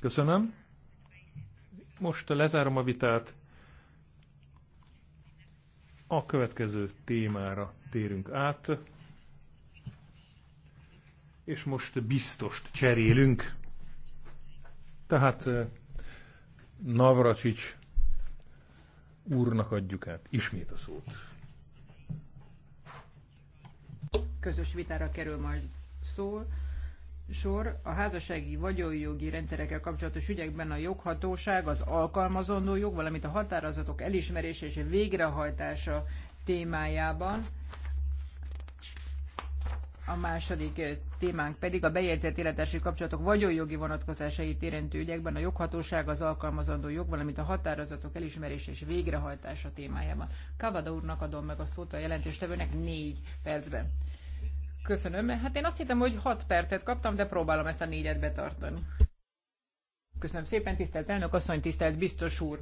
Köszönöm. Most lezárom a vitát. A következő témára térünk át, és most biztost cserélünk. Tehát eh, Navracsics úrnak adjuk át ismét a szót. Közös vitára kerül majd szó sor a házassági vagyonjogi rendszerekkel kapcsolatos ügyekben a joghatóság, az alkalmazandó jog, valamint a határozatok elismerése és végrehajtása témájában. A második eh, témánk pedig a bejegyzett életesi kapcsolatok vagyonjogi vonatkozásait érintő ügyekben a joghatóság, az alkalmazandó jog, valamint a határozatok elismerése és végrehajtása témájában. Kavada úrnak adom meg a szót a jelentéstevőnek négy percben. Köszönöm. Hát én azt hittem, hogy 6 percet kaptam, de próbálom ezt a négyet betartani. Köszönöm szépen, tisztelt elnök asszony, tisztelt biztos úr.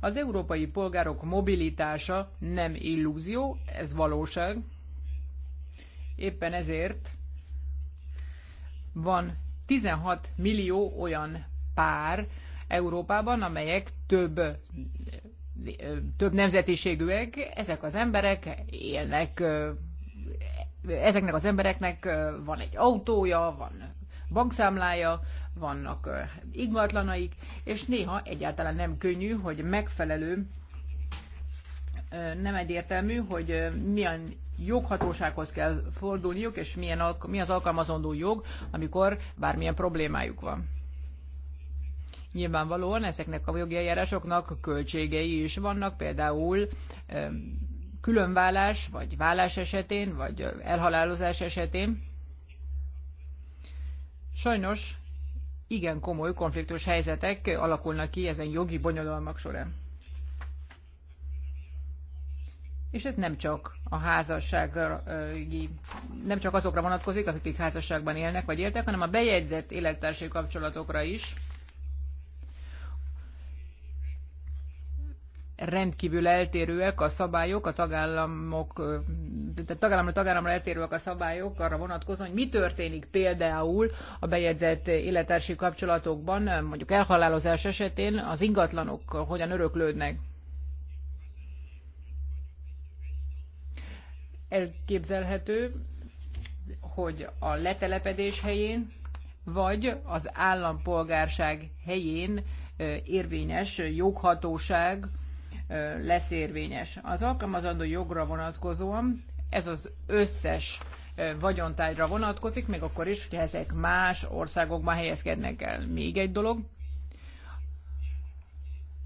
Az európai polgárok mobilitása nem illúzió, ez valóság. Éppen ezért van 16 millió olyan pár Európában, amelyek több több nemzetiségűek, ezek az emberek élnek ezeknek az embereknek van egy autója, van bankszámlája, vannak ingatlanaik, és néha egyáltalán nem könnyű, hogy megfelelő, nem egyértelmű, hogy milyen joghatósághoz kell fordulniuk, és milyen, mi az alkalmazandó jog, amikor bármilyen problémájuk van. Nyilvánvalóan ezeknek a jogi eljárásoknak költségei is vannak, például különvállás, vagy vállás esetén, vagy elhalálozás esetén sajnos igen komoly konfliktus helyzetek alakulnak ki ezen jogi bonyodalmak során. És ez nem csak a házasság, nem csak azokra vonatkozik, akik házasságban élnek vagy éltek, hanem a bejegyzett élettársi kapcsolatokra is. rendkívül eltérőek a szabályok, a tagállamok, tehát tagállamra tagállamra eltérőek a szabályok arra vonatkozóan, hogy mi történik például a bejegyzett élettársi kapcsolatokban, mondjuk elhalálozás esetén az ingatlanok hogyan öröklődnek. Elképzelhető, hogy a letelepedés helyén, vagy az állampolgárság helyén érvényes joghatóság lesz érvényes. Az alkalmazandó jogra vonatkozóan ez az összes vagyontájra vonatkozik, még akkor is, hogy ezek más országokban helyezkednek el. Még egy dolog,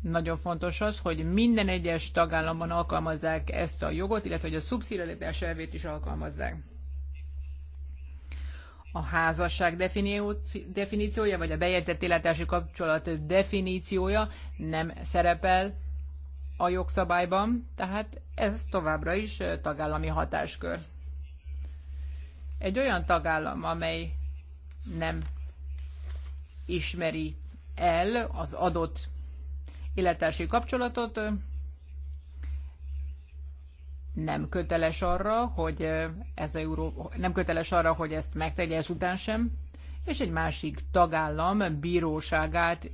nagyon fontos az, hogy minden egyes tagállamban alkalmazzák ezt a jogot, illetve hogy a szubszidiaritás elvét is alkalmazzák. A házasság definíciója, vagy a bejegyzett életási kapcsolat definíciója nem szerepel a jogszabályban, tehát ez továbbra is tagállami hatáskör. Egy olyan tagállam, amely nem ismeri el az adott élettársi kapcsolatot, nem köteles arra, hogy ez Euró... nem köteles arra, hogy ezt megtegye ezután sem, és egy másik tagállam bíróságát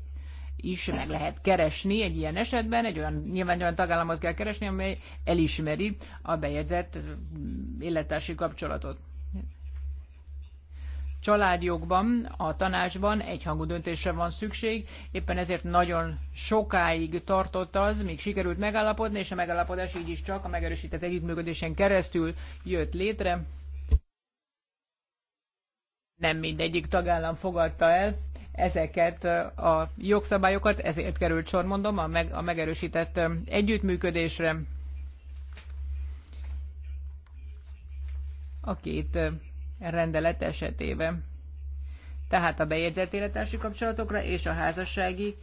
is meg lehet keresni egy ilyen esetben, egy olyan, nyilván olyan tagállamot kell keresni, amely elismeri a bejegyzett mm, élettársi kapcsolatot. Családjogban, a tanácsban egyhangú döntésre van szükség, éppen ezért nagyon sokáig tartott az, míg sikerült megállapodni, és a megállapodás így is csak a megerősített együttműködésen keresztül jött létre. Nem mindegyik tagállam fogadta el ezeket a jogszabályokat, ezért került sor, mondom, a, meg, a megerősített együttműködésre. A két rendelet esetében. Tehát a bejegyzett élettársi kapcsolatokra és a házassági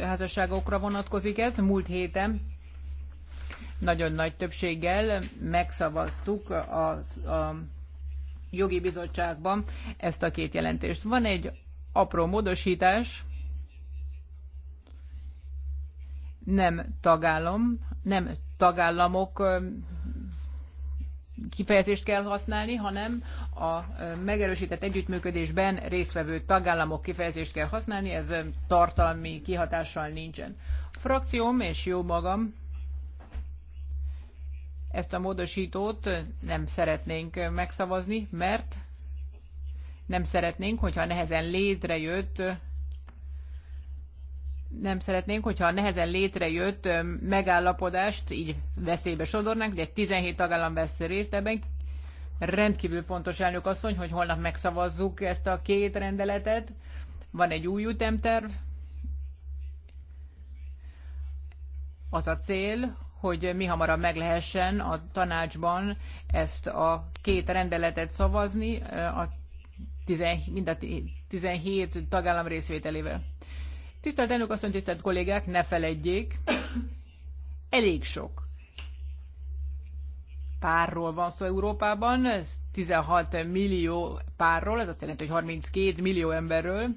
házasságokra vonatkozik ez. Múlt héten nagyon nagy többséggel megszavaztuk a, a jogi bizottságban ezt a két jelentést. Van egy apró módosítás, nem tagállam, nem tagállamok kifejezést kell használni, hanem a megerősített együttműködésben résztvevő tagállamok kifejezést kell használni, ez tartalmi kihatással nincsen. A frakcióm és jó magam ezt a módosítót nem szeretnénk megszavazni, mert nem szeretnénk, hogyha nehezen létrejött nem szeretnénk, hogyha nehezen létrejött megállapodást így veszélybe sodornánk, ugye 17 tagállam vesz részt ebben. Rendkívül fontos elnök asszony, hogy holnap megszavazzuk ezt a két rendeletet. Van egy új ütemterv. Az a cél, hogy mi hamarabb meg lehessen a tanácsban ezt a két rendeletet szavazni. A mind a 17 tagállam részvételével. Tisztelt elnök asszony, tisztelt kollégák, ne feledjék, elég sok párról van szó Európában, ez 16 millió párról, ez azt jelenti, hogy 32 millió emberről.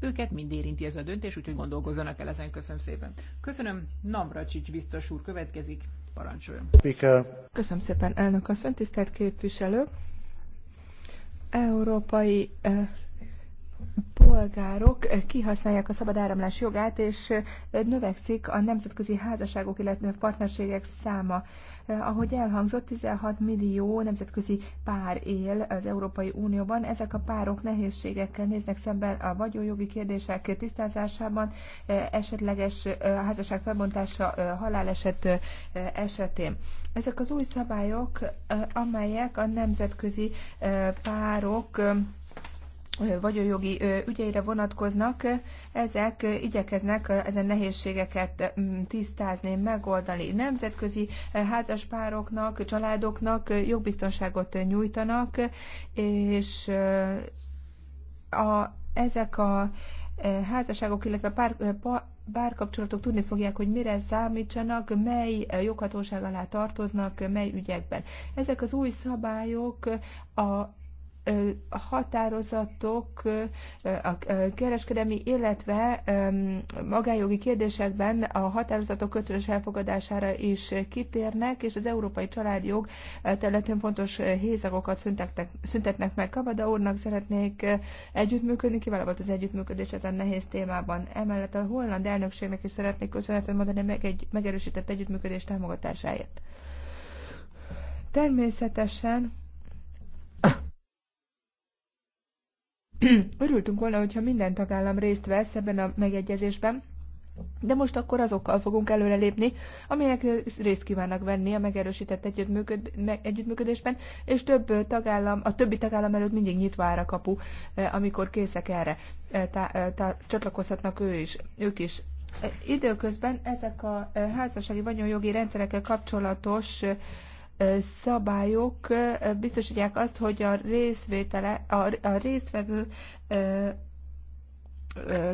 Őket mind érinti ez a döntés, úgyhogy gondolkozzanak el ezen. Köszönöm szépen. Köszönöm. Navracsics biztos úr következik. Parancsoljon. Köszönöm szépen, elnök asszony, tisztelt képviselők európai polgárok kihasználják a szabad áramlás jogát, és növekszik a nemzetközi házasságok, illetve partnerségek száma. Ahogy elhangzott, 16 millió nemzetközi pár él az Európai Unióban. Ezek a párok nehézségekkel néznek szemben a vagyonjogi kérdések tisztázásában, esetleges házasság felbontása haláleset esetén. Ezek az új szabályok, amelyek a nemzetközi párok vagyonjogi ügyeire vonatkoznak, ezek igyekeznek ezen nehézségeket tisztázni, megoldani. Nemzetközi házaspároknak, családoknak jogbiztonságot nyújtanak, és a, ezek a házasságok, illetve pár, párkapcsolatok tudni fogják, hogy mire számítsanak, mely joghatóság alá tartoznak, mely ügyekben. Ezek az új szabályok a a határozatok a kereskedelmi, illetve magájogi kérdésekben a határozatok kötős elfogadására is kitérnek, és az európai családjog területén fontos hézagokat szüntetnek meg. Kavada úrnak szeretnék együttműködni, kivel volt az együttműködés ezen nehéz témában. Emellett a holland elnökségnek is szeretnék köszönetet mondani meg egy megerősített együttműködés támogatásáért. Természetesen Örültünk volna, hogyha minden tagállam részt vesz ebben a megegyezésben, de most akkor azokkal fogunk előrelépni, amelyek részt kívánnak venni a megerősített együttműködésben, és több tagállam, a többi tagállam előtt mindig nyitva áll a kapu, eh, amikor készek erre. Eh, tá, eh, tá, csatlakozhatnak ő is, ők is. Időközben ezek a házassági vagyonjogi rendszerekkel kapcsolatos szabályok biztosítják azt, hogy a, részvétele, a, résztvevő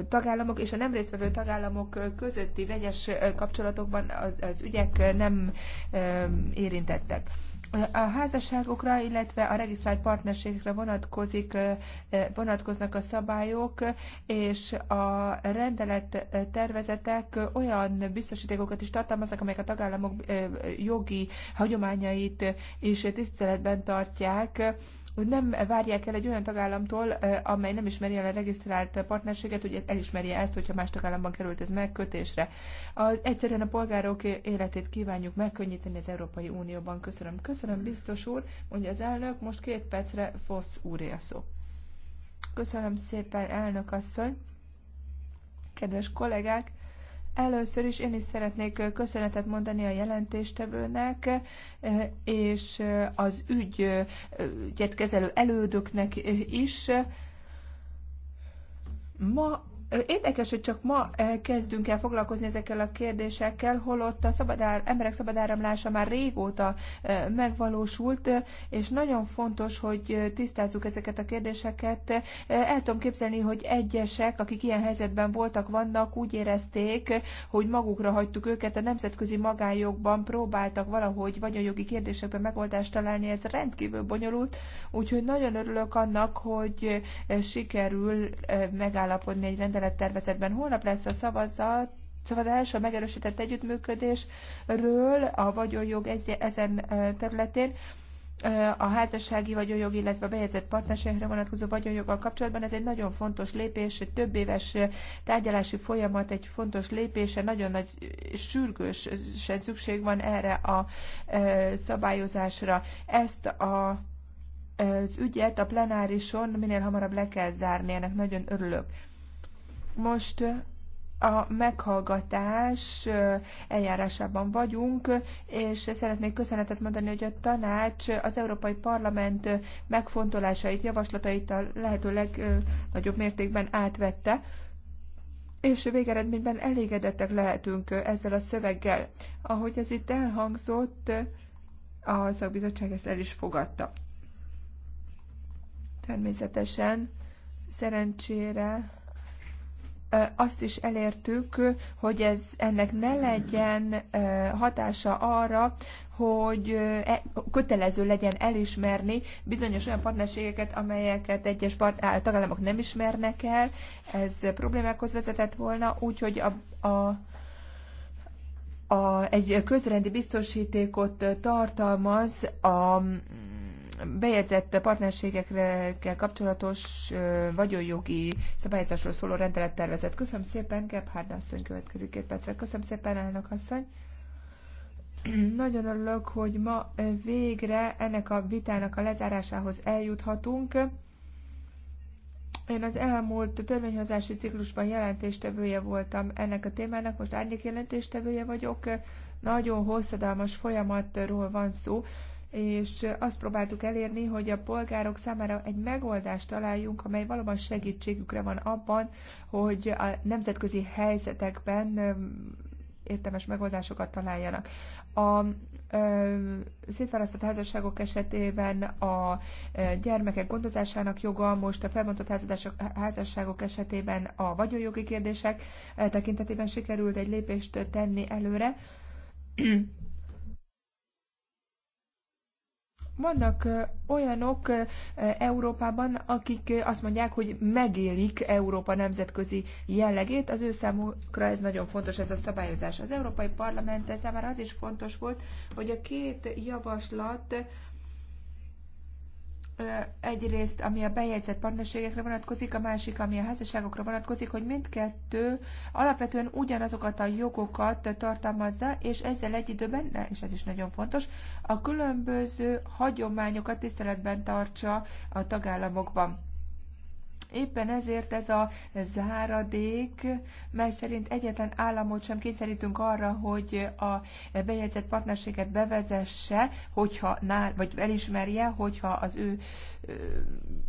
tagállamok és a nem résztvevő tagállamok közötti vegyes kapcsolatokban az, az ügyek nem érintettek a házasságokra, illetve a regisztrált partnerségekre vonatkozik, vonatkoznak a szabályok, és a rendelet tervezetek olyan biztosítékokat is tartalmaznak, amelyek a tagállamok jogi hagyományait is tiszteletben tartják hogy nem várják el egy olyan tagállamtól, amely nem ismeri el a regisztrált partnerséget, hogy elismerje ezt, hogyha más tagállamban került ez megkötésre. A, egyszerűen a polgárok életét kívánjuk megkönnyíteni az Európai Unióban. Köszönöm. Köszönöm, biztos úr, mondja az elnök. Most két percre Fosz úré a szó. Köszönöm szépen, elnök asszony. Kedves kollégák, Először is én is szeretnék köszönetet mondani a jelentéstevőnek és az ügyet kezelő elődöknek is. Ma Érdekes, hogy csak ma eh, kezdünk el foglalkozni ezekkel a kérdésekkel, holott a szabadár, emberek szabadáramlása már régóta eh, megvalósult, eh, és nagyon fontos, hogy tisztázzuk ezeket a kérdéseket. El tudom képzelni, hogy egyesek, akik ilyen helyzetben voltak, vannak, úgy érezték, hogy magukra hagytuk őket, a nemzetközi magánjogban próbáltak valahogy vagy a jogi kérdésekben megoldást találni, ez rendkívül bonyolult, úgyhogy nagyon örülök annak, hogy sikerül megállapodni egy rendelkezésre rendelettervezetben. Holnap lesz a szavazat, szavazás a megerősített együttműködésről a vagyonjog egy, ezen területén a házassági vagyonjog, illetve a bejegyzett partnerségre vonatkozó vagyonjoggal kapcsolatban ez egy nagyon fontos lépés, egy több éves tárgyalási folyamat, egy fontos lépése, nagyon nagy sürgősen szükség van erre a szabályozásra. Ezt a, az ügyet a plenárison minél hamarabb le kell zárni, ennek nagyon örülök. Most a meghallgatás eljárásában vagyunk, és szeretnék köszönetet mondani, hogy a tanács az Európai Parlament megfontolásait, javaslatait a lehető legnagyobb mértékben átvette, és végeredményben elégedettek lehetünk ezzel a szöveggel. Ahogy ez itt elhangzott, a szakbizottság ezt el is fogadta. Természetesen, szerencsére azt is elértük, hogy ez ennek ne legyen hatása arra, hogy e, kötelező legyen elismerni bizonyos olyan partnerségeket, amelyeket egyes part, tagállamok nem ismernek el. Ez problémákhoz vezetett volna, úgyhogy a, a a, egy közrendi biztosítékot tartalmaz a bejegyzett partnerségekkel kapcsolatos vagyonjogi szabályozásról szóló rendelettervezet. Köszönöm szépen, Gebhard asszony következik két percre. Köszönöm szépen, elnök asszony. Nagyon örülök, hogy ma végre ennek a vitának a lezárásához eljuthatunk. Én az elmúlt törvényhozási ciklusban jelentéstevője voltam ennek a témának, most árnyék jelentéstevője vagyok. Nagyon hosszadalmas folyamatról van szó és azt próbáltuk elérni, hogy a polgárok számára egy megoldást találjunk, amely valóban segítségükre van abban, hogy a nemzetközi helyzetekben értelmes megoldásokat találjanak. A szétválasztott házasságok esetében a gyermekek gondozásának joga, most a felbontott házasságok esetében a vagyonjogi kérdések e, tekintetében sikerült egy lépést tenni előre Vannak olyanok Európában, akik azt mondják, hogy megélik Európa nemzetközi jellegét, az ő számukra ez nagyon fontos, ez a szabályozás. Az Európai Parlament számára az is fontos volt, hogy a két javaslat egyrészt, ami a bejegyzett partnerségekre vonatkozik, a másik, ami a házasságokra vonatkozik, hogy mindkettő alapvetően ugyanazokat a jogokat tartalmazza, és ezzel egy időben, és ez is nagyon fontos, a különböző hagyományokat tiszteletben tartsa a tagállamokban. Éppen ezért ez a záradék, mely szerint egyetlen államot sem kényszerítünk arra, hogy a bejegyzett partnerséget bevezesse, hogyha, nál, vagy elismerje, hogyha az ő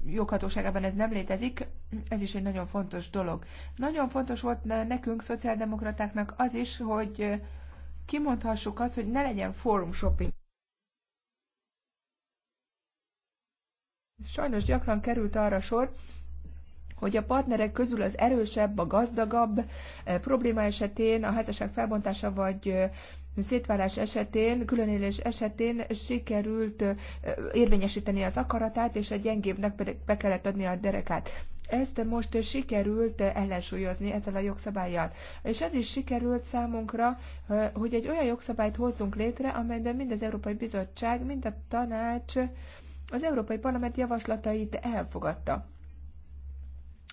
joghatóságában ez nem létezik, ez is egy nagyon fontos dolog. Nagyon fontos volt nekünk, szociáldemokratáknak az is, hogy kimondhassuk azt, hogy ne legyen forum shopping. Sajnos gyakran került arra sor, hogy a partnerek közül az erősebb, a gazdagabb eh, probléma esetén, a házasság felbontása vagy eh, szétválás esetén, különélés esetén sikerült eh, érvényesíteni az akaratát, és a gyengébbnek pedig be kellett adni a derekát. Ezt most sikerült ellensúlyozni ezzel a jogszabályjal. És ez is sikerült számunkra, hogy egy olyan jogszabályt hozzunk létre, amelyben mind az Európai Bizottság, mind a tanács az Európai Parlament javaslatait elfogadta.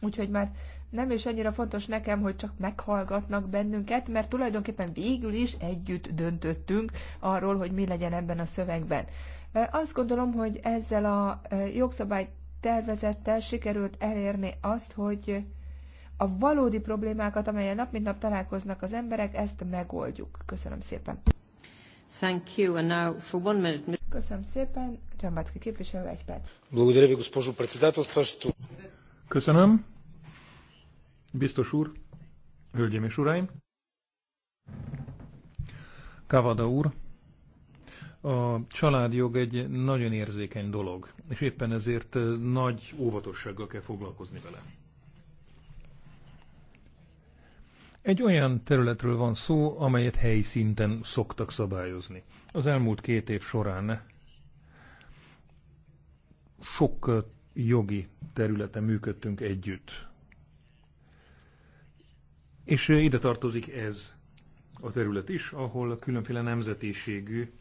Úgyhogy már nem is annyira fontos nekem, hogy csak meghallgatnak bennünket, mert tulajdonképpen végül is együtt döntöttünk arról, hogy mi legyen ebben a szövegben. Azt gondolom, hogy ezzel a jogszabály tervezettel sikerült elérni azt, hogy a valódi problémákat, amelyen nap mint nap találkoznak az emberek, ezt megoldjuk. Köszönöm szépen. Thank you. And now for one minute. Köszönöm szépen. Csambácki képviselő, egy perc. Благодаря ви, госпожо Köszönöm. Biztos úr, hölgyeim és uraim. Kavada úr, a családjog egy nagyon érzékeny dolog, és éppen ezért nagy óvatossággal kell foglalkozni vele. Egy olyan területről van szó, amelyet helyi szinten szoktak szabályozni. Az elmúlt két év során sok jogi területen működtünk együtt. És ide tartozik ez a terület is, ahol különféle nemzetiségű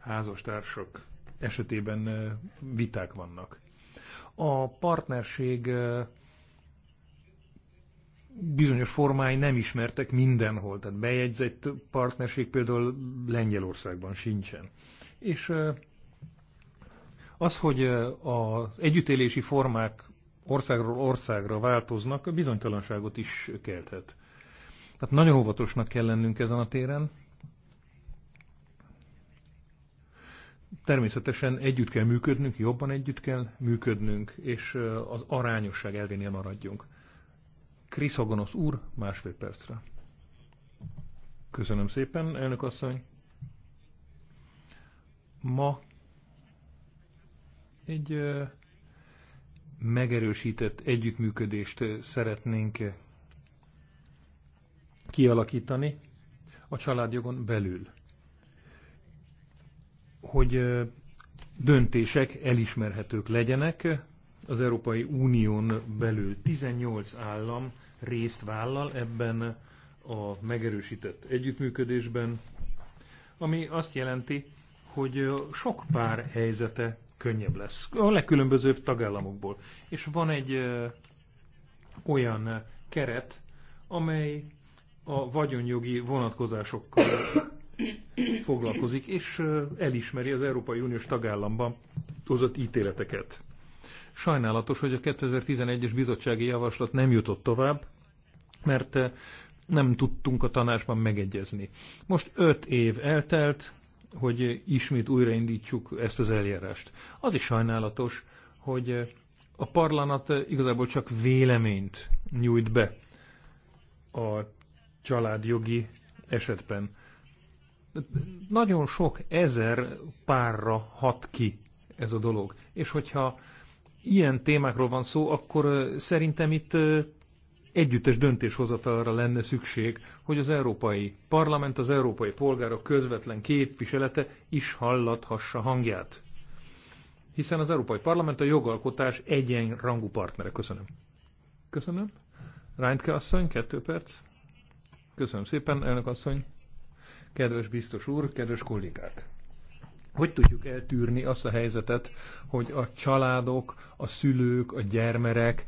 házastársak esetében viták vannak. A partnerség bizonyos formái nem ismertek mindenhol, tehát bejegyzett partnerség például Lengyelországban sincsen. És az, hogy az együttélési formák országról országra változnak, bizonytalanságot is kelthet. Tehát nagyon óvatosnak kell lennünk ezen a téren. Természetesen együtt kell működnünk, jobban együtt kell működnünk, és az arányosság elvénél maradjunk. Kriszogonosz úr, másfél percre. Köszönöm szépen, elnök asszony. Ma egy megerősített együttműködést szeretnénk kialakítani a családjogon belül, hogy döntések elismerhetők legyenek az Európai Unión belül. 18 állam részt vállal ebben a megerősített együttműködésben, ami azt jelenti, hogy sok pár helyzete könnyebb lesz. A legkülönbözőbb tagállamokból. És van egy olyan keret, amely a vagyonjogi vonatkozásokkal foglalkozik, és elismeri az Európai Uniós tagállamban hozott ítéleteket. Sajnálatos, hogy a 2011-es bizottsági javaslat nem jutott tovább, mert nem tudtunk a tanácsban megegyezni. Most öt év eltelt, hogy ismét újraindítsuk ezt az eljárást. Az is sajnálatos, hogy a parlanat igazából csak véleményt nyújt be a családjogi esetben. Nagyon sok ezer párra hat ki ez a dolog. És hogyha ilyen témákról van szó, akkor szerintem itt együttes döntéshozatalra lenne szükség, hogy az Európai Parlament, az európai polgárok közvetlen képviselete is hallathassa hangját. Hiszen az Európai Parlament a jogalkotás egyenrangú partnere. Köszönöm. Köszönöm. Reintke asszony, kettő perc. Köszönöm szépen, elnök asszony. Kedves biztos úr, kedves kollégák. Hogy tudjuk eltűrni azt a helyzetet, hogy a családok, a szülők, a gyermerek,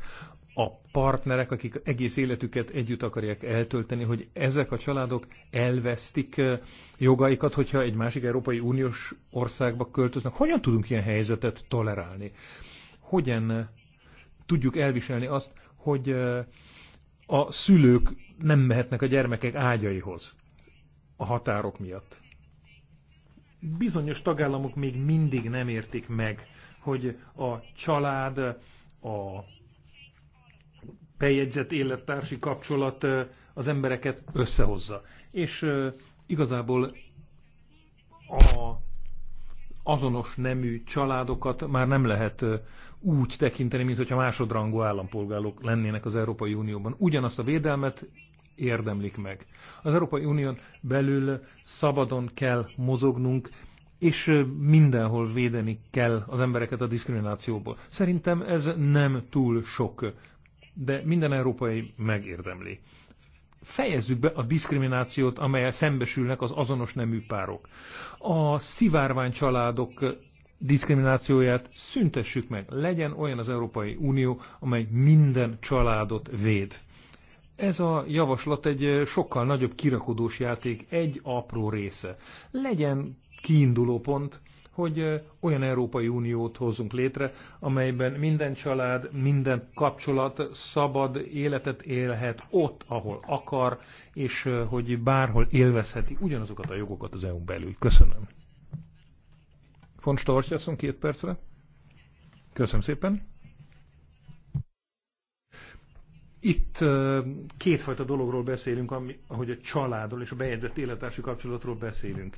a partnerek, akik egész életüket együtt akarják eltölteni, hogy ezek a családok elvesztik eh, jogaikat, hogyha egy másik Európai Uniós országba költöznek. Hogyan tudunk ilyen helyzetet tolerálni? Hogyan eh, tudjuk elviselni azt, hogy eh, a szülők nem mehetnek a gyermekek ágyaihoz a határok miatt? Bizonyos tagállamok még mindig nem értik meg, hogy a család, a bejegyzett élettársi kapcsolat az embereket összehozza. És igazából a azonos nemű családokat már nem lehet úgy tekinteni, mint hogyha másodrangú állampolgárok lennének az Európai Unióban. Ugyanazt a védelmet érdemlik meg. Az Európai Unión belül szabadon kell mozognunk, és mindenhol védeni kell az embereket a diszkriminációból. Szerintem ez nem túl sok de minden európai megérdemli. Fejezzük be a diszkriminációt, amelyel szembesülnek az azonos nemű párok. A szivárvány családok diszkriminációját szüntessük meg. Legyen olyan az Európai Unió, amely minden családot véd. Ez a javaslat egy sokkal nagyobb kirakodós játék, egy apró része. Legyen kiinduló pont, hogy olyan Európai Uniót hozzunk létre, amelyben minden család, minden kapcsolat szabad életet élhet ott, ahol akar, és hogy bárhol élvezheti ugyanazokat a jogokat az eu belül. Köszönöm. Font Storch, két percre. Köszönöm szépen. Itt kétfajta dologról beszélünk, ami, ahogy a családról és a bejegyzett élettársi kapcsolatról beszélünk.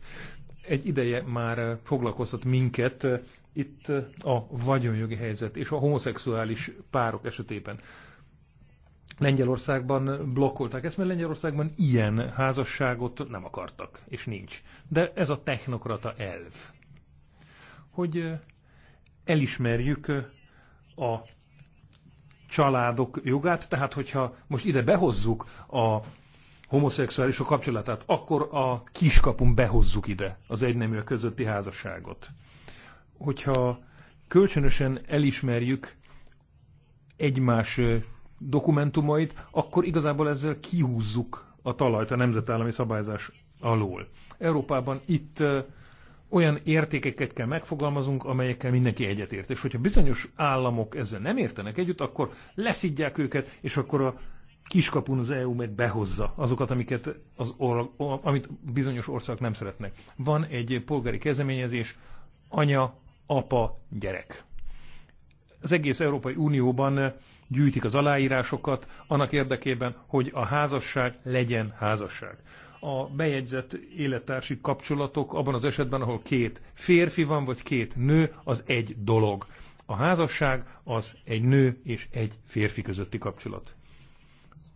Egy ideje már foglalkoztat minket itt a vagyonjogi helyzet és a homoszexuális párok esetében. Lengyelországban blokkolták ezt, mert Lengyelországban ilyen házasságot nem akartak, és nincs. De ez a technokrata elv, hogy elismerjük a családok jogát, tehát hogyha most ide behozzuk a homoszexuálisok kapcsolatát, akkor a kiskapun behozzuk ide az egyneműek közötti házasságot. Hogyha kölcsönösen elismerjük egymás dokumentumait, akkor igazából ezzel kihúzzuk a talajt a nemzetállami szabályzás alól. Európában itt olyan értékeket kell megfogalmazunk, amelyekkel mindenki egyetért. És hogyha bizonyos államok ezzel nem értenek együtt, akkor leszidják őket, és akkor a kiskapun az EU u-m meg behozza azokat, amiket az or- amit bizonyos országok nem szeretnek. Van egy polgári kezdeményezés, anya, apa, gyerek. Az egész Európai Unióban gyűjtik az aláírásokat annak érdekében, hogy a házasság legyen házasság a bejegyzett élettársi kapcsolatok abban az esetben, ahol két férfi van, vagy két nő, az egy dolog. A házasság az egy nő és egy férfi közötti kapcsolat.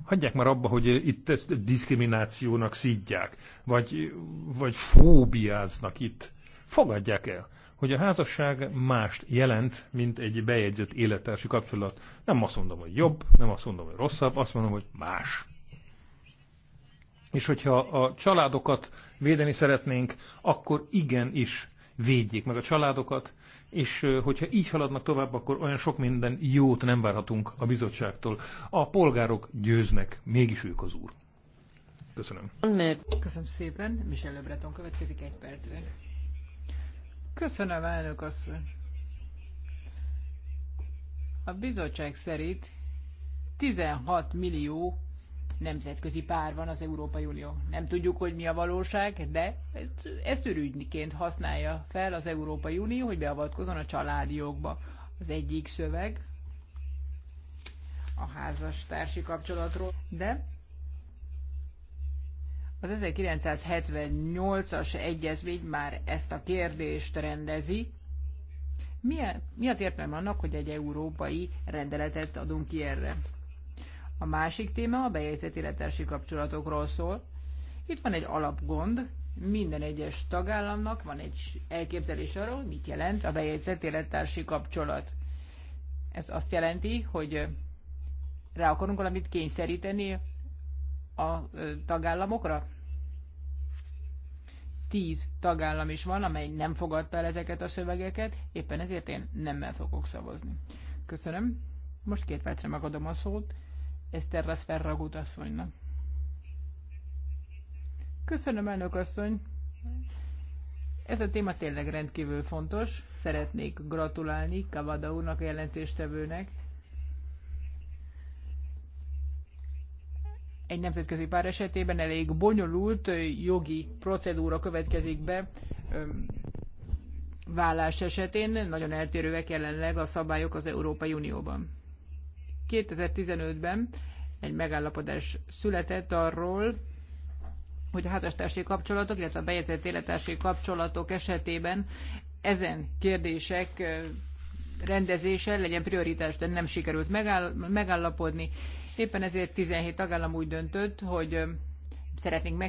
Hagyják már abba, hogy itt ezt diszkriminációnak szidják, vagy, vagy fóbiáznak itt. Fogadják el, hogy a házasság mást jelent, mint egy bejegyzett élettársi kapcsolat. Nem azt mondom, hogy jobb, nem azt mondom, hogy rosszabb, azt mondom, hogy más. És hogyha a családokat védeni szeretnénk, akkor igenis védjék meg a családokat, és hogyha így haladnak tovább, akkor olyan sok minden jót nem várhatunk a bizottságtól. A polgárok győznek, mégis ők az úr. Köszönöm. Köszönöm szépen. Michel Lebreton következik egy percre. Köszönöm, elnök asszony. A bizottság szerint 16 millió nemzetközi pár van az Európai Unió. Nem tudjuk, hogy mi a valóság, de ezt ürügyként használja fel az Európai Unió, hogy beavatkozon a családi jogba. Az egyik szöveg a házastársi kapcsolatról, de az 1978-as egyezmény már ezt a kérdést rendezi. Mi, mi az értelme annak, hogy egy európai rendeletet adunk ki erre? A másik téma a bejegyzett élettársi kapcsolatokról szól. Itt van egy alapgond, minden egyes tagállamnak van egy elképzelés arról, hogy mit jelent a bejegyzett élettársi kapcsolat. Ez azt jelenti, hogy rá akarunk valamit kényszeríteni a tagállamokra? Tíz tagállam is van, amely nem fogadta el ezeket a szövegeket, éppen ezért én nemmel fogok szavazni. Köszönöm. Most két percre megadom a szót Eszterrasz Rasferragut asszonynak. Köszönöm, elnök asszony! Ez a téma tényleg rendkívül fontos. Szeretnék gratulálni Kavada úrnak, a jelentéstevőnek. Egy nemzetközi pár esetében elég bonyolult jogi procedúra következik be vállás esetén. Nagyon eltérőek jelenleg a szabályok az Európai Unióban. 2015-ben egy megállapodás született arról, hogy a házastársi kapcsolatok, illetve a bejegyzett élettársi kapcsolatok esetében ezen kérdések rendezése legyen prioritás, de nem sikerült megállapodni. Éppen ezért 17 tagállam úgy döntött, hogy szeretnénk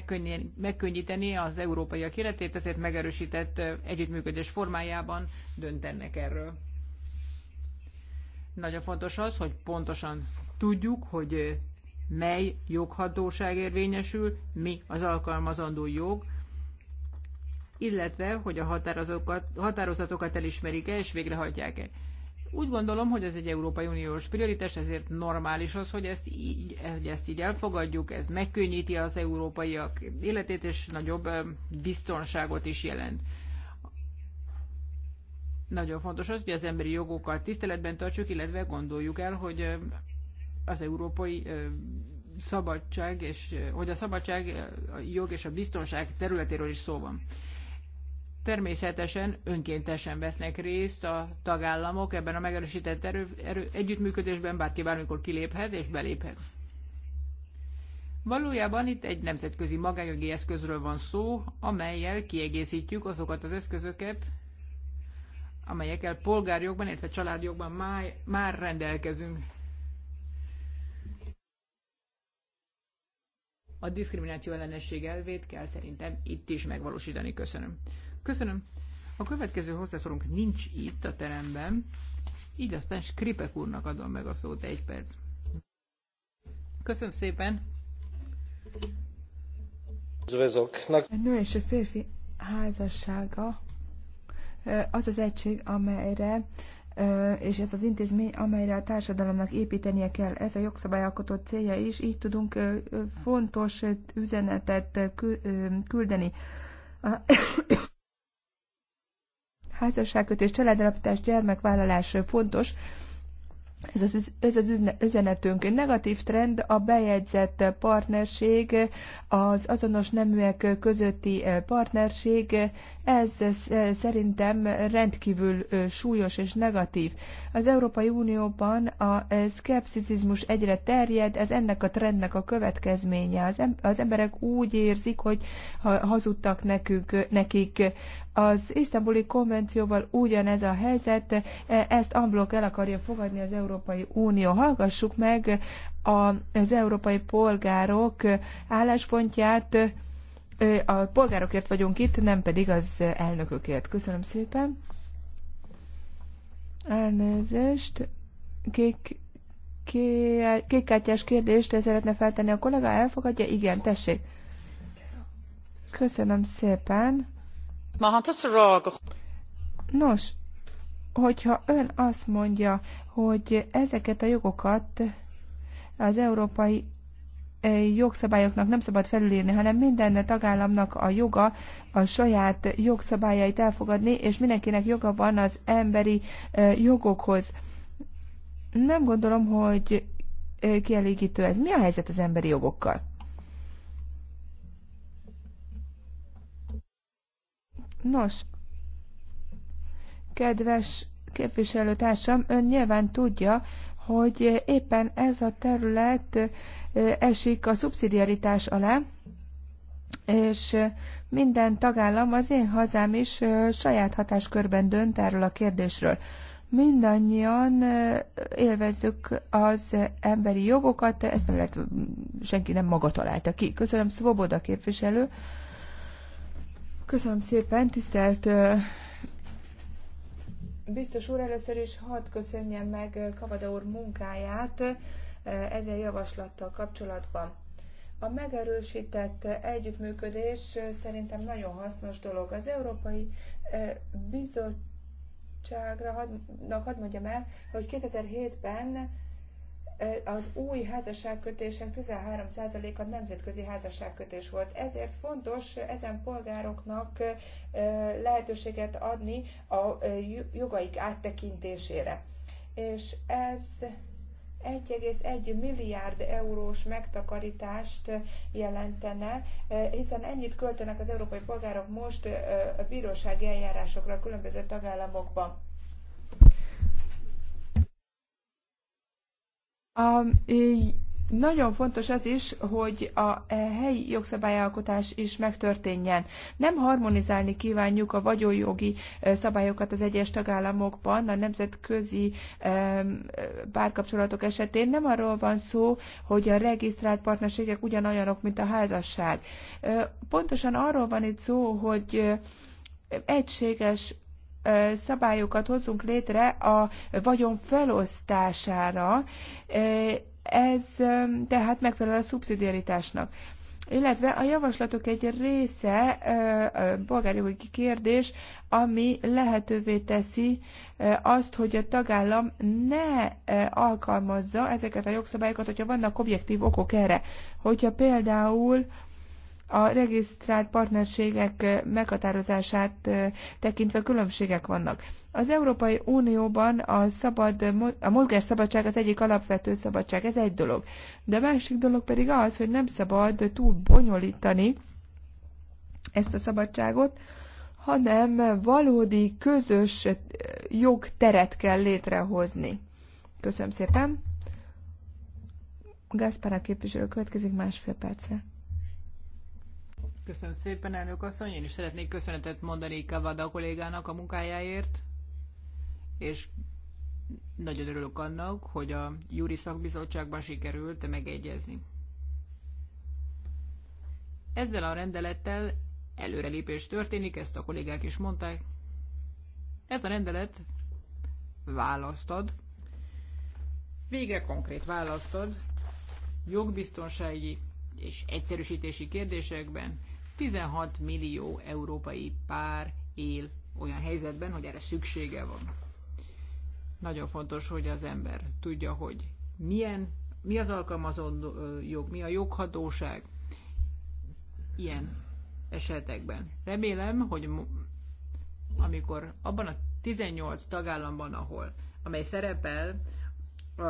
megkönnyíteni az európaiak életét, ezért megerősített együttműködés formájában döntenek erről. Nagyon fontos az, hogy pontosan tudjuk, hogy mely joghatóság érvényesül, mi az alkalmazandó jog, illetve, hogy a határozatokat elismerik-e és végrehajtják-e. Úgy gondolom, hogy ez egy Európai Uniós prioritás, ezért normális az, hogy ezt így, hogy ezt így elfogadjuk, ez megkönnyíti az európaiak életét, és nagyobb biztonságot is jelent. Nagyon fontos az, hogy az emberi jogokat tiszteletben tartsuk, illetve gondoljuk el, hogy az európai szabadság, és hogy a szabadság, a jog és a biztonság területéről is szó van. Természetesen önkéntesen vesznek részt a tagállamok ebben a megerősített erő, erő, együttműködésben, bárki bármikor kiléphet és beléphet. Valójában itt egy nemzetközi magánjogi eszközről van szó, amelyel kiegészítjük azokat az eszközöket, amelyekkel polgárjogban, illetve családjogban máj, már rendelkezünk. A diszkrimináció ellenesség elvét kell szerintem itt is megvalósítani. Köszönöm. Köszönöm. A következő hozzászólunk nincs itt a teremben, így aztán Skripek úrnak adom meg a szót egy perc. Köszönöm szépen. Zvezoknak. Egy nő és a férfi házassága az az egység, amelyre és ez az intézmény, amelyre a társadalomnak építenie kell. Ez a jogszabályalkotó célja is, így tudunk fontos üzenetet küldeni. A házasságkötés, családalapítás, gyermekvállalás fontos, ez az, ez az üzenetünk. Negatív trend a bejegyzett partnerség, az azonos neműek közötti eh, partnerség, ez szerintem rendkívül eh, súlyos és negatív. Az Európai Unióban a eh, szkepszicizmus egyre terjed, ez ennek a trendnek a következménye. Az emberek úgy érzik, hogy hazudtak nekük, nekik az isztambuli konvencióval ugyanez a helyzet, e, ezt amblok el akarja fogadni az Európai Unió. Hallgassuk meg az európai polgárok álláspontját. E, a polgárokért vagyunk itt, nem pedig az elnökökért. Köszönöm szépen. Elnézést. Kék, kékkártyás kérdést szeretne feltenni a kollega, elfogadja? Igen, tessék. Köszönöm szépen. Hát Nos, hogyha ön azt mondja, hogy ezeket a jogokat az európai jogszabályoknak nem szabad felülírni, hanem minden tagállamnak a joga a saját jogszabályait elfogadni, és mindenkinek joga van az emberi jogokhoz. Nem gondolom, hogy kielégítő ez. Mi a helyzet az emberi jogokkal? Nos, kedves képviselőtársam, ön nyilván tudja, hogy éppen ez a terület esik a szubszidiaritás alá, és minden tagállam, az én hazám is saját hatáskörben dönt erről a kérdésről. Mindannyian élvezzük az emberi jogokat, ezt nem lehet, senki nem maga találta ki. Köszönöm, Svoboda képviselő. Köszönöm szépen, tisztelt biztos úr, először is hadd köszönjem meg Kavada úr munkáját ezen javaslattal kapcsolatban. A megerősített együttműködés szerintem nagyon hasznos dolog. Az Európai Bizottságra hadd, mondjam el, hogy 2007-ben az új házasságkötések 13%-a nemzetközi házasságkötés volt. Ezért fontos ezen polgároknak lehetőséget adni a jogaik áttekintésére. És ez 1,1 milliárd eurós megtakarítást jelentene, hiszen ennyit költenek az európai polgárok most a bírósági eljárásokra a különböző tagállamokban. A, nagyon fontos az is, hogy a e helyi jogszabályalkotás is megtörténjen. Nem harmonizálni kívánjuk a vagyonjogi e, szabályokat az egyes tagállamokban, a nemzetközi e, párkapcsolatok esetén. Nem arról van szó, hogy a regisztrált partnerségek ugyanolyanok, mint a házasság. Pontosan arról van itt szó, hogy egységes szabályokat hozzunk létre a vagyon felosztására, ez tehát megfelel a szubszidiaritásnak. Illetve a javaslatok egy része, polgári kérdés, ami lehetővé teszi azt, hogy a tagállam ne alkalmazza ezeket a jogszabályokat, hogyha vannak objektív okok erre. Hogyha például a regisztrált partnerségek meghatározását tekintve különbségek vannak. Az Európai Unióban a, szabad, a mozgás szabadság az egyik alapvető szabadság, ez egy dolog. De a másik dolog pedig az, hogy nem szabad túl bonyolítani ezt a szabadságot, hanem valódi közös jogteret kell létrehozni. Köszönöm szépen. Gászpára képviselő következik másfél percre. Köszönöm szépen, elnök asszony. Én is szeretnék köszönetet mondani Kavada kollégának a munkájáért, és nagyon örülök annak, hogy a Júri Szakbizottságban sikerült megegyezni. Ezzel a rendelettel előrelépés történik, ezt a kollégák is mondták. Ez a rendelet választad, végre konkrét választad jogbiztonsági és egyszerűsítési kérdésekben 16 millió európai pár él olyan helyzetben, hogy erre szüksége van. Nagyon fontos, hogy az ember tudja, hogy milyen, mi az alkalmazott jog, mi a joghatóság ilyen esetekben. Remélem, hogy amikor abban a 18 tagállamban, ahol, amely szerepel a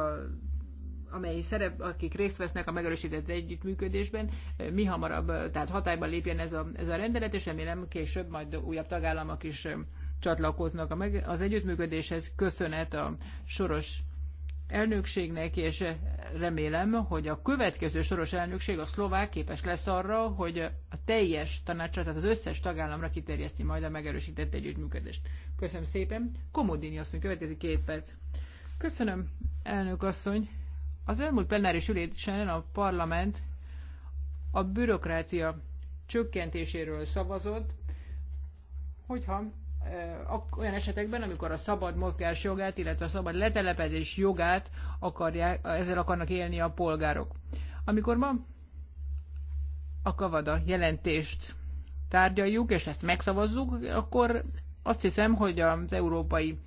amely szerep, akik részt vesznek a megerősített együttműködésben, eh, mi hamarabb, eh, tehát hatályban lépjen ez a, ez a rendelet, és remélem később majd újabb tagállamok is eh, csatlakoznak a meg, az együttműködéshez. Köszönet a soros elnökségnek, és remélem, hogy a következő soros elnökség, a szlovák képes lesz arra, hogy a teljes tanácsot, tehát az összes tagállamra kiterjeszti majd a megerősített együttműködést. Köszönöm szépen. Komodini asszony következik két perc. Köszönöm, elnök asszony. Az elmúlt plenáris ülésen a parlament a bürokrácia csökkentéséről szavazott, hogyha e, olyan esetekben, amikor a szabad mozgás jogát, illetve a szabad letelepedés jogát akarják, ezzel akarnak élni a polgárok. Amikor ma a Kavada jelentést tárgyaljuk, és ezt megszavazzuk, akkor azt hiszem, hogy az európai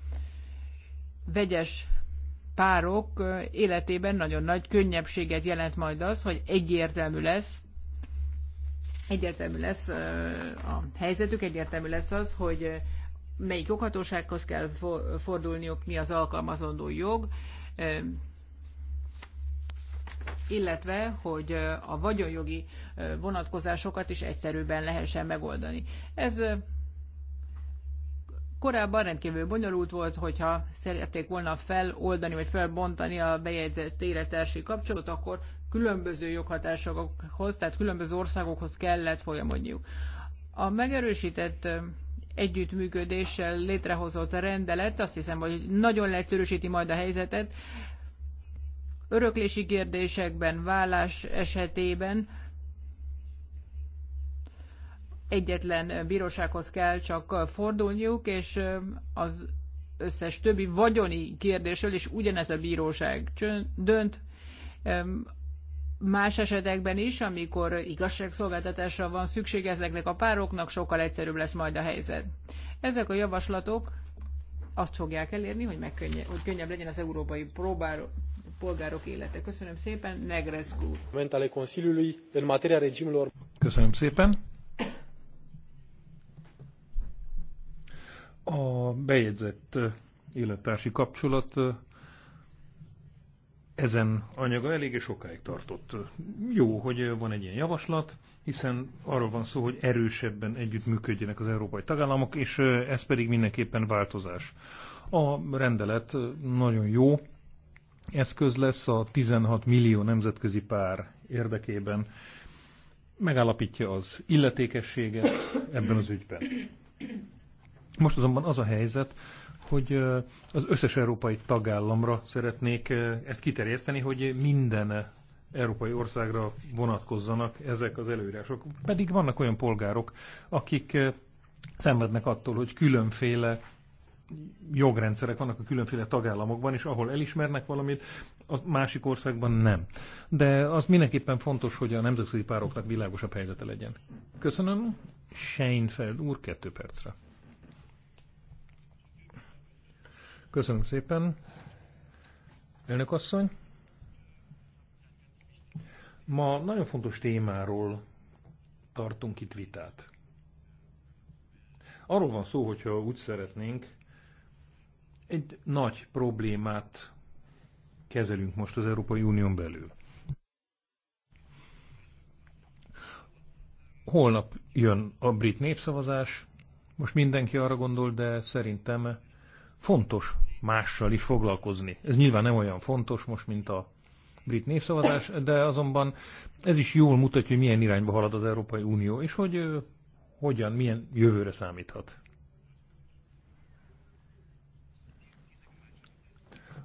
vegyes párok életében nagyon nagy könnyebbséget jelent majd az, hogy egyértelmű lesz, egyértelmű lesz a helyzetük, egyértelmű lesz az, hogy melyik joghatósághoz kell fordulniuk, mi az alkalmazandó jog, illetve, hogy a vagyonjogi vonatkozásokat is egyszerűbben lehessen megoldani. Ez Korábban rendkívül bonyolult volt, hogyha szerették volna feloldani vagy felbontani a bejegyzett élettársi kapcsolatot, akkor különböző joghatásokhoz, tehát különböző országokhoz kellett folyamodniuk. A megerősített együttműködéssel létrehozott rendelet, azt hiszem, hogy nagyon leegyszerűsíti majd a helyzetet, öröklési kérdésekben, vállás esetében, egyetlen bírósághoz kell csak fordulniuk, és az összes többi vagyoni kérdésről is ugyanez a bíróság dönt. Más esetekben is, amikor igazságszolgáltatásra van szükség ezeknek a pároknak, sokkal egyszerűbb lesz majd a helyzet. Ezek a javaslatok azt fogják elérni, hogy, megkönnye, hogy könnyebb legyen az európai próbál, polgárok élete. Köszönöm szépen, Negrescu. Mentale Consiliului în materia Köszönöm szépen. A bejegyzett élettársi kapcsolat ezen anyaga eléggé sokáig tartott. Jó, hogy van egy ilyen javaslat, hiszen arról van szó, hogy erősebben együttműködjenek az európai tagállamok, és ez pedig mindenképpen változás. A rendelet nagyon jó eszköz lesz a 16 millió nemzetközi pár érdekében. Megállapítja az illetékességet ebben az ügyben. Most azonban az a helyzet, hogy az összes európai tagállamra szeretnék ezt kiterjeszteni, hogy minden európai országra vonatkozzanak ezek az előírások. Pedig vannak olyan polgárok, akik szenvednek attól, hogy különféle jogrendszerek vannak a különféle tagállamokban, és ahol elismernek valamit, a másik országban nem. De az mindenképpen fontos, hogy a nemzetközi pároknak világosabb helyzete legyen. Köszönöm. Seinfeld úr, kettő percre. Köszönöm szépen. Elnök asszony. Ma nagyon fontos témáról tartunk itt vitát. Arról van szó, hogyha úgy szeretnénk, egy nagy problémát kezelünk most az Európai Unión belül. Holnap jön a brit népszavazás, most mindenki arra gondol, de szerintem fontos mással is foglalkozni. Ez nyilván nem olyan fontos most, mint a brit népszavazás, de azonban ez is jól mutatja, hogy milyen irányba halad az Európai Unió, és hogy hogyan, milyen jövőre számíthat.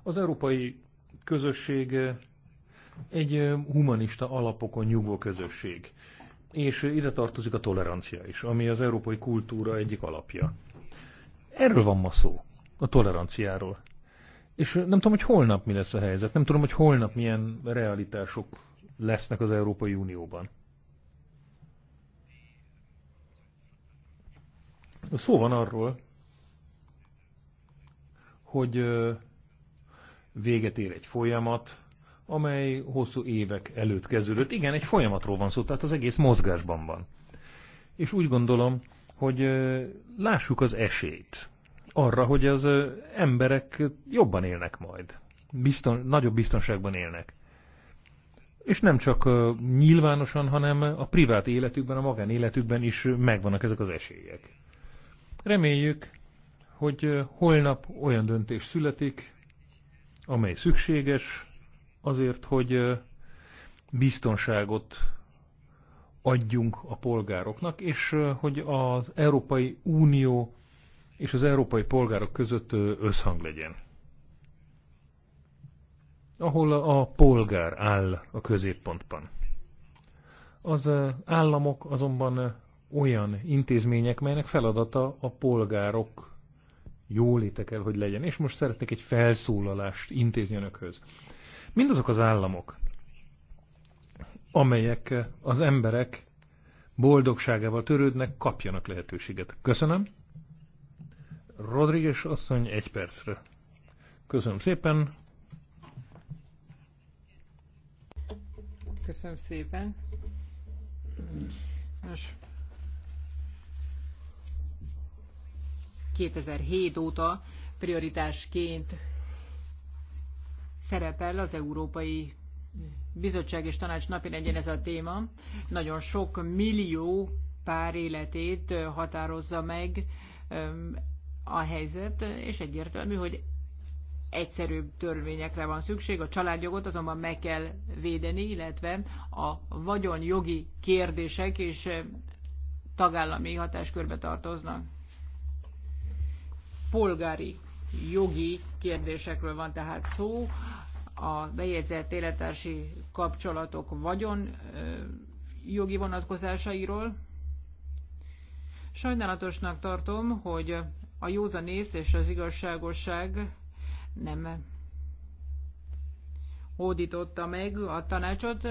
Az európai közösség egy humanista alapokon nyugvó közösség, és ide tartozik a tolerancia is, ami az európai kultúra egyik alapja. Erről van ma szó a toleranciáról. És nem tudom, hogy holnap mi lesz a helyzet. Nem tudom, hogy holnap milyen realitások lesznek az Európai Unióban. Szó van arról, hogy véget ér egy folyamat, amely hosszú évek előtt kezdődött. Igen, egy folyamatról van szó, tehát az egész mozgásban van. És úgy gondolom, hogy lássuk az esélyt arra, hogy az emberek jobban élnek majd, bizton, nagyobb biztonságban élnek. És nem csak nyilvánosan, hanem a privát életükben, a magánéletükben is megvannak ezek az esélyek. Reméljük, hogy holnap olyan döntés születik, amely szükséges azért, hogy biztonságot adjunk a polgároknak, és hogy az Európai Unió és az európai polgárok között összhang legyen. Ahol a polgár áll a középpontban. Az államok azonban olyan intézmények, melynek feladata a polgárok jólétek el, hogy legyen. És most szeretnék egy felszólalást intézni önökhöz. Mindazok az államok, amelyek az emberek boldogságával törődnek, kapjanak lehetőséget. Köszönöm. Rodriguez, asszony egy percre. Köszönöm szépen. Köszönöm szépen. Nos, 2007 óta prioritásként szerepel az Európai Bizottság és Tanács napi legyen ez a téma. Nagyon sok millió pár életét határozza meg a helyzet, és egyértelmű, hogy egyszerűbb törvényekre van szükség, a családjogot azonban meg kell védeni, illetve a vagyonjogi kérdések és eh, tagállami hatáskörbe tartoznak. Polgári jogi kérdésekről van tehát szó, a bejegyzett élettársi kapcsolatok vagyon eh, jogi vonatkozásairól. Sajnálatosnak tartom, hogy a józan ész és az igazságosság nem hódította meg a tanácsot.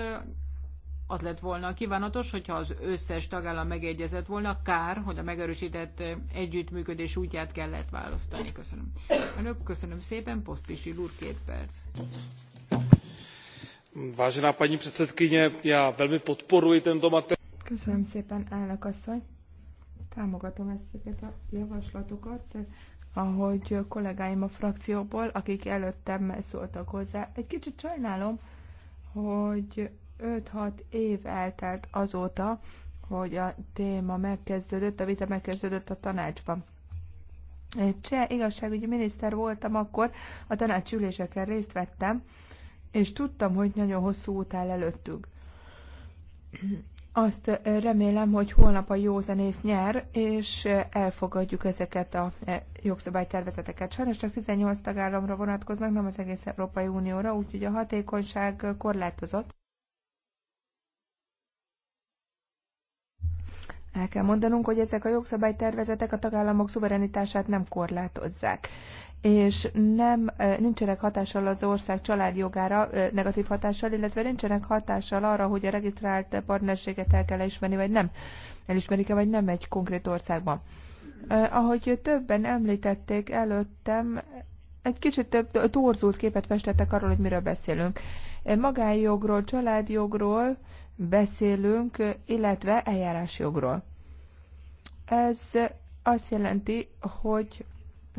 Az lett volna kívánatos, hogyha az összes tagállam megegyezett volna, kár, hogy a megerősített együttműködés útját kellett választani. Köszönöm. Önök köszönöm szépen, Posztvisi úr, két perc. Vážená paní předsedkyně, já velmi podporuji tento materiál. Köszönöm szépen, elnök asszony. Támogatom ezeket a javaslatokat, ahogy kollégáim a frakcióból, akik előttem szóltak hozzá. Egy kicsit sajnálom, hogy 5-6 év eltelt azóta, hogy a téma megkezdődött, a vita megkezdődött a tanácsban. Cseh igazságügyi miniszter voltam akkor, a tanácsüléseken részt vettem, és tudtam, hogy nagyon hosszú út áll előttünk. Azt remélem, hogy holnap a józanész nyer, és elfogadjuk ezeket a e, jogszabálytervezeteket. Sajnos csak 18 tagállamra vonatkoznak, nem az egész Európai Unióra, úgyhogy a hatékonyság korlátozott. El kell mondanunk, hogy ezek a jogszabálytervezetek a tagállamok szuverenitását nem korlátozzák és nem, nincsenek hatással az ország családjogára, negatív hatással, illetve nincsenek hatással arra, hogy a regisztrált partnerséget el kell ismerni, vagy nem. Elismerik-e, vagy nem egy konkrét országban. Ahogy többen említették előttem, egy kicsit több torzult képet festettek arról, hogy miről beszélünk. Magánjogról, családjogról beszélünk, illetve eljárásjogról. Ez azt jelenti, hogy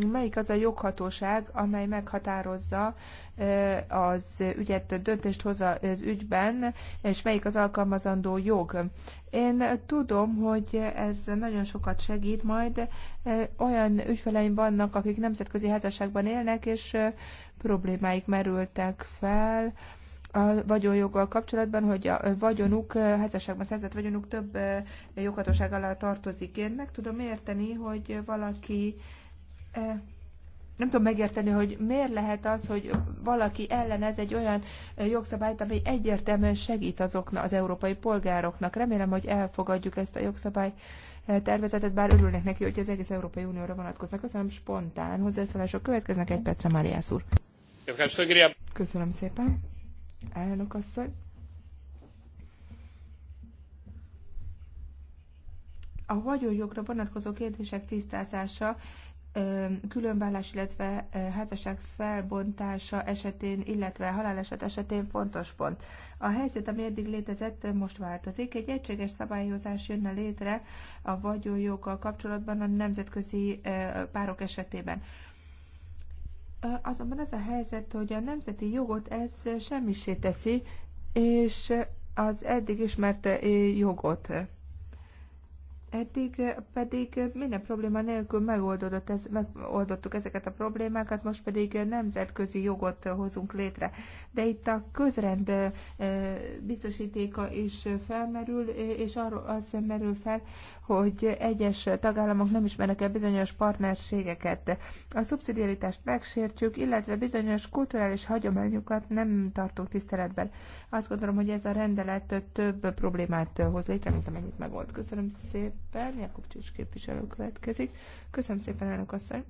melyik az a joghatóság, amely meghatározza az ügyet, döntést hoz az ügyben, és melyik az alkalmazandó jog. Én tudom, hogy ez nagyon sokat segít majd. Olyan ügyfeleim vannak, akik nemzetközi házasságban élnek, és problémáik merültek fel, a vagyonjoggal kapcsolatban, hogy a vagyonuk, házasságban szerzett vagyonuk több joghatóság alá tartozik. Én meg tudom érteni, hogy valaki nem tudom megérteni, hogy miért lehet az, hogy valaki ellen ez egy olyan jogszabályt, ami egyértelműen segít azoknak, az európai polgároknak. Remélem, hogy elfogadjuk ezt a jogszabály tervezetet, bár örülnek neki, hogy az egész Európai Unióra vonatkoznak. Köszönöm, spontán hozzászólások következnek. Egy percre, Máriás úr. Köszönöm szépen. Elnök asszony. A vagyonjogra vonatkozó kérdések tisztázása különvállás, illetve házasság felbontása esetén, illetve haláleset esetén fontos pont. A helyzet, ami eddig létezett, most változik. Egy egységes szabályozás jönne létre a vagyonjoggal kapcsolatban a nemzetközi párok esetében. Azonban az a helyzet, hogy a nemzeti jogot ez semmisé teszi, és az eddig ismert jogot. Eddig pedig minden probléma nélkül megoldódott, ez, megoldottuk ezeket a problémákat, most pedig nemzetközi jogot hozunk létre. De itt a közrend biztosítéka is felmerül, és arról az merül fel, hogy egyes tagállamok nem ismernek el bizonyos partnerségeket. A szubszidiaritást megsértjük, illetve bizonyos kulturális hagyományokat nem tartunk tiszteletben. Azt gondolom, hogy ez a rendelet több problémát hoz létre, mint amennyit megold. Köszönöm szépen! szépen, Jakub Csics képviselő következik. Köszönöm szépen, elnök asszony.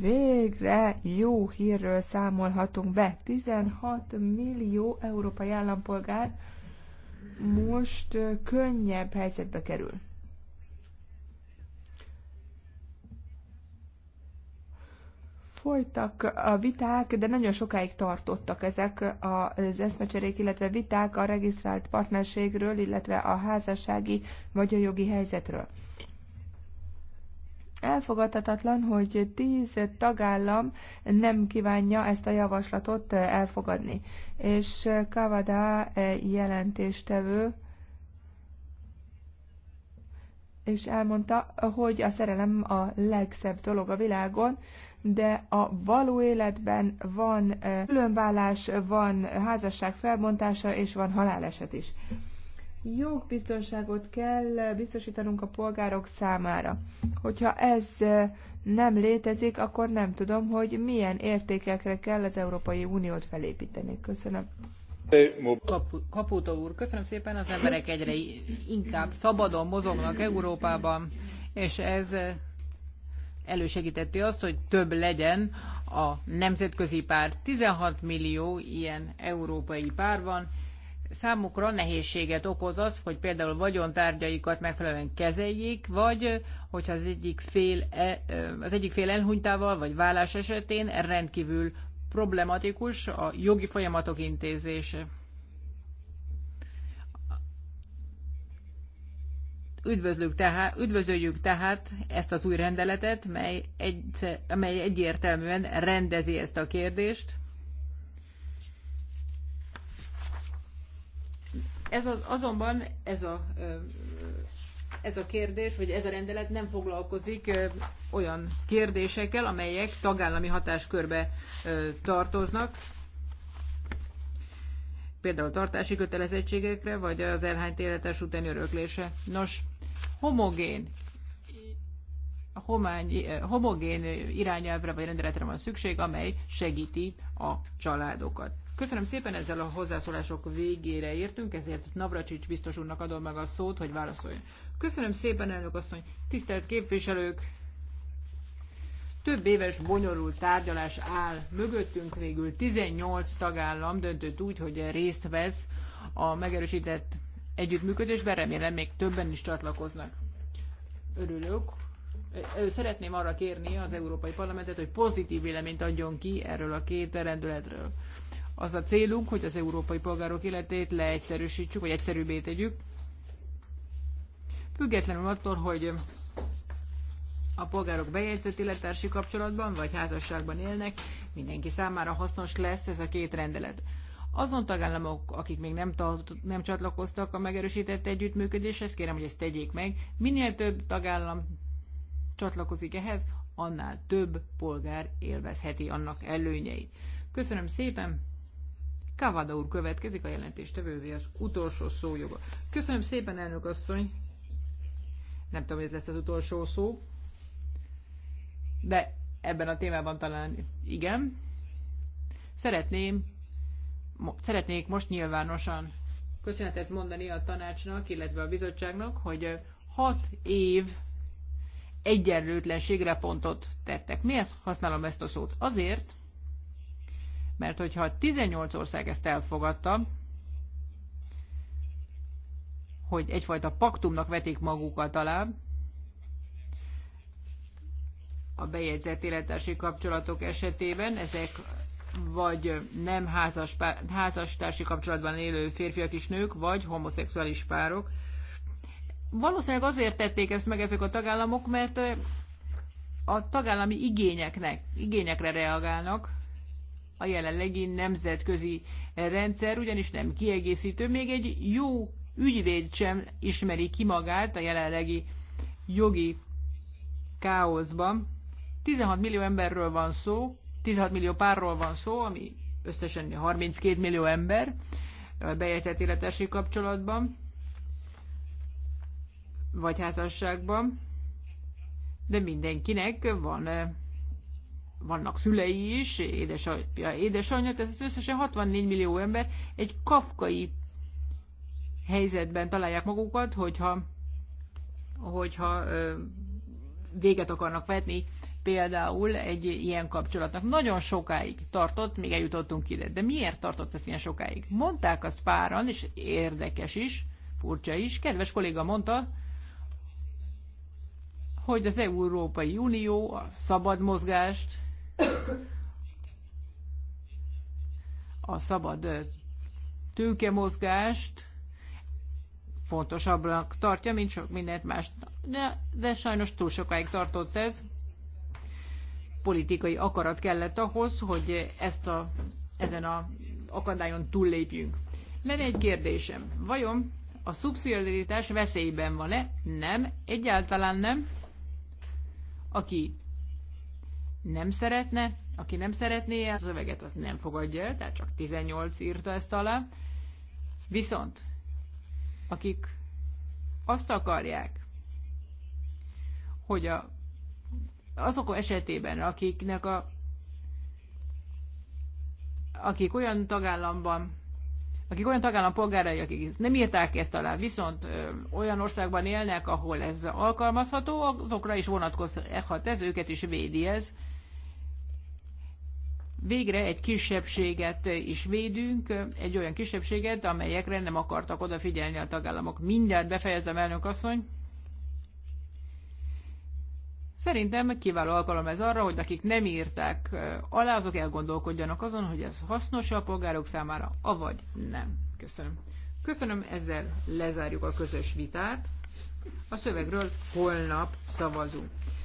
végre jó hírről számolhatunk be. 16 millió európai állampolgár most könnyebb helyzetbe kerül. Folytak a viták, de nagyon sokáig tartottak ezek az eszmecserék, illetve viták a regisztrált partnerségről, illetve a házassági vagy a jogi helyzetről. Elfogadhatatlan, hogy tíz tagállam nem kívánja ezt a javaslatot elfogadni. És Kavada jelentéstevő és elmondta, hogy a szerelem a legszebb dolog a világon, de a való életben van különvállás, van házasság felbontása és van haláleset is. Jogbiztonságot kell biztosítanunk a polgárok számára. Hogyha ez nem létezik, akkor nem tudom, hogy milyen értékekre kell az Európai Uniót felépíteni. Köszönöm. Kaputa úr, köszönöm szépen, az emberek egyre inkább szabadon mozognak Európában, és ez Elősegítette azt, hogy több legyen a nemzetközi pár. 16 millió ilyen európai pár van. Számukra nehézséget okoz az, hogy például vagyontárgyaikat megfelelően kezeljék, vagy hogyha az egyik fél, e, az egyik fél elhunytával vagy vállás esetén rendkívül problematikus a jogi folyamatok intézése. Üdvözlük tehát, üdvözöljük tehát ezt az új rendeletet, mely, egy, mely egyértelműen rendezi ezt a kérdést. Ez az, azonban ez a, ez a kérdés, vagy ez a rendelet nem foglalkozik olyan kérdésekkel, amelyek tagállami hatáskörbe tartoznak, például tartási kötelezettségekre, vagy az elhányt életes utáni öröklése. Nos, homogén homány, eh, homogén irányelvre vagy rendeletre van szükség, amely segíti a családokat. Köszönöm szépen, ezzel a hozzászólások végére értünk, ezért Navracsics biztos úrnak adom meg a szót, hogy válaszoljon. Köszönöm szépen, elnök asszony, tisztelt képviselők! Több éves bonyolult tárgyalás áll mögöttünk, végül 18 tagállam döntött úgy, hogy részt vesz a megerősített együttműködésben, remélem még többen is csatlakoznak. Örülök. Szeretném arra kérni az Európai Parlamentet, hogy pozitív véleményt adjon ki erről a két rendületről. Az a célunk, hogy az európai polgárok életét leegyszerűsítsük, vagy egyszerűbbé tegyük, függetlenül attól, hogy a polgárok bejegyzett élettársi kapcsolatban vagy házasságban élnek, mindenki számára hasznos lesz ez a két rendelet. Azon tagállamok, akik még nem, tart, nem csatlakoztak a megerősített együttműködéshez, kérem, hogy ezt tegyék meg. Minél több tagállam csatlakozik ehhez, annál több polgár élvezheti annak előnyeit. Köszönöm szépen! Kavada úr következik, a jelentéstevővé az utolsó szójoga. Köszönöm szépen, elnök asszony! Nem tudom, hogy ez lesz az utolsó szó, de ebben a témában talán igen. Szeretném szeretnék most nyilvánosan köszönetet mondani a tanácsnak, illetve a bizottságnak, hogy hat év egyenlőtlenségre pontot tettek. Miért használom ezt a szót? Azért, mert hogyha 18 ország ezt elfogadta, hogy egyfajta paktumnak vetik magukat alá, a bejegyzett élettársi kapcsolatok esetében ezek vagy nem házas, házastársi kapcsolatban élő férfiak és nők, vagy homoszexuális párok. Valószínűleg azért tették ezt meg ezek a tagállamok, mert a tagállami igényeknek, igényekre reagálnak a jelenlegi nemzetközi rendszer, ugyanis nem kiegészítő. Még egy jó ügyvéd sem ismeri ki magát a jelenlegi jogi káoszban. 16 millió emberről van szó, 16 millió párról van szó, ami összesen 32 millió ember bejegyzett életesi kapcsolatban, vagy házasságban, de mindenkinek van, vannak szülei is, édesapja, édesanyja, tehát összesen 64 millió ember egy kafkai helyzetben találják magukat, hogyha, hogyha véget akarnak vetni például egy ilyen kapcsolatnak. Nagyon sokáig tartott, még eljutottunk ide. De miért tartott ez ilyen sokáig? Mondták azt páran, és érdekes is, furcsa is. Kedves kolléga mondta, hogy az Európai Unió a szabad mozgást, a szabad tőkemozgást fontosabbnak tartja, mint sok mindent más. De, de sajnos túl sokáig tartott ez politikai akarat kellett ahhoz, hogy ezt a, ezen a akadályon túllépjünk. Lenne egy kérdésem. Vajon a szubszidiaritás veszélyben van-e? Nem, egyáltalán nem. Aki nem szeretne, aki nem szeretné a szöveget, az nem fogadja el, tehát csak 18 írta ezt alá. Viszont, akik azt akarják, hogy a azok esetében, akiknek a akik olyan tagállamban, akik olyan tagállam polgárai, akik nem írták ezt alá, viszont ö, olyan országban élnek, ahol ez alkalmazható, azokra is vonatkozhat ez, őket is védi ez. Végre egy kisebbséget is védünk, egy olyan kisebbséget, amelyekre nem akartak odafigyelni a tagállamok. Mindjárt befejezem, elnök asszony. Szerintem kiváló alkalom ez arra, hogy akik nem írták alá, azok elgondolkodjanak azon, hogy ez hasznos a polgárok számára, avagy nem. Köszönöm. Köszönöm, ezzel lezárjuk a közös vitát. A szövegről holnap szavazunk.